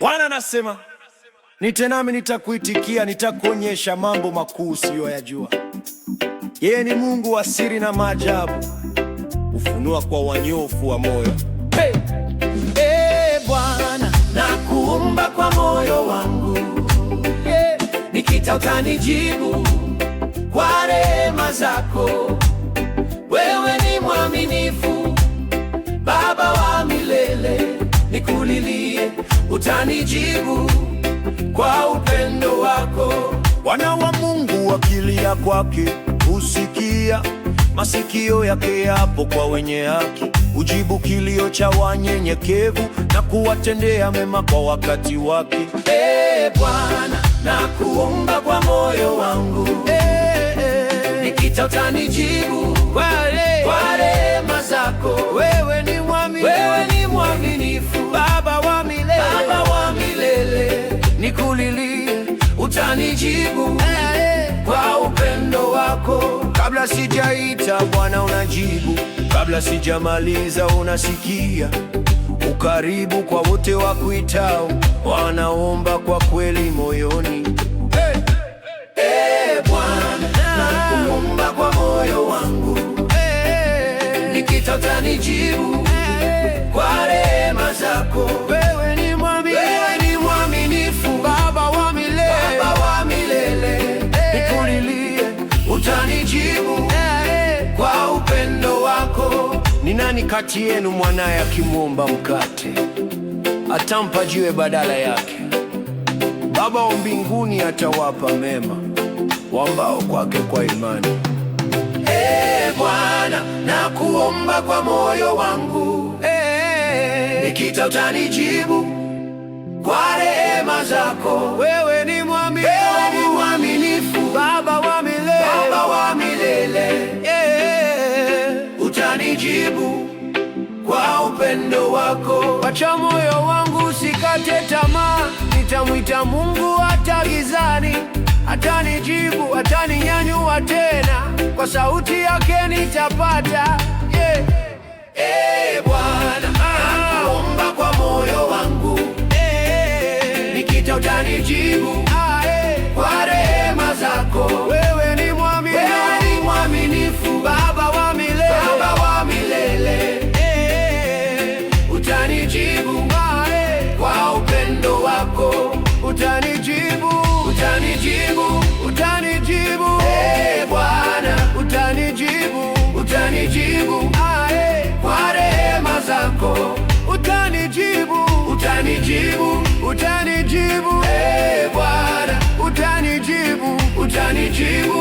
Bwana anasema nite nami nitakuitikia, nitakuonyesha mambo makuu usiyoyajua. Yeye ni Mungu wa siri na maajabu, hufunua kwa wanyofu wa moyo. Hey! Hey, Bwana nakuomba kwa moyo wangu. Hey! Nikita utanijibu kwa rehema zako, wewe ni mwaminifu, Baba wa milele nikulilie utanijibu kwa upendo wako. Wana wa Mungu, ya kwake husikia, masikio yake yapo kwa wenye haki, hujibu kilio cha wanyenyekevu na kuwatendea mema kwa wakati wake. Hey, Bwana, nakuomba kwa moyo wangu, eh, eh. nikita utanijibu. unanijibu kwa upendo wako, kabla sijaita Bwana unajibu, kabla sijamaliza unasikia. Ukaribu kwa wote wa kuitao, wanaomba kwa kweli moyoni. hey, kwa moyo wangu kati yenu mwanaye akimwomba mkate atampa jiwe badala yake. Baba wa mbinguni atawapa mema wambao kwake kwa imani. Ee Bwana, nakuomba kwa moyo wangu, ee. nikita utanijibu kwa rehema zako. Wewe ni mwaminifu, Baba wa milele, Baba wa milele, ee. utanijibu yako. Wacha moyo wangu usikate tamaa, nitamwita Mungu hata gizani, atanijibu, ataninyanyua tena, kwa sauti yake nitapata yeah. Hey, eh, Bwana nakuomba kwa moyo wangu hey, eh, nikita utanijibu contigo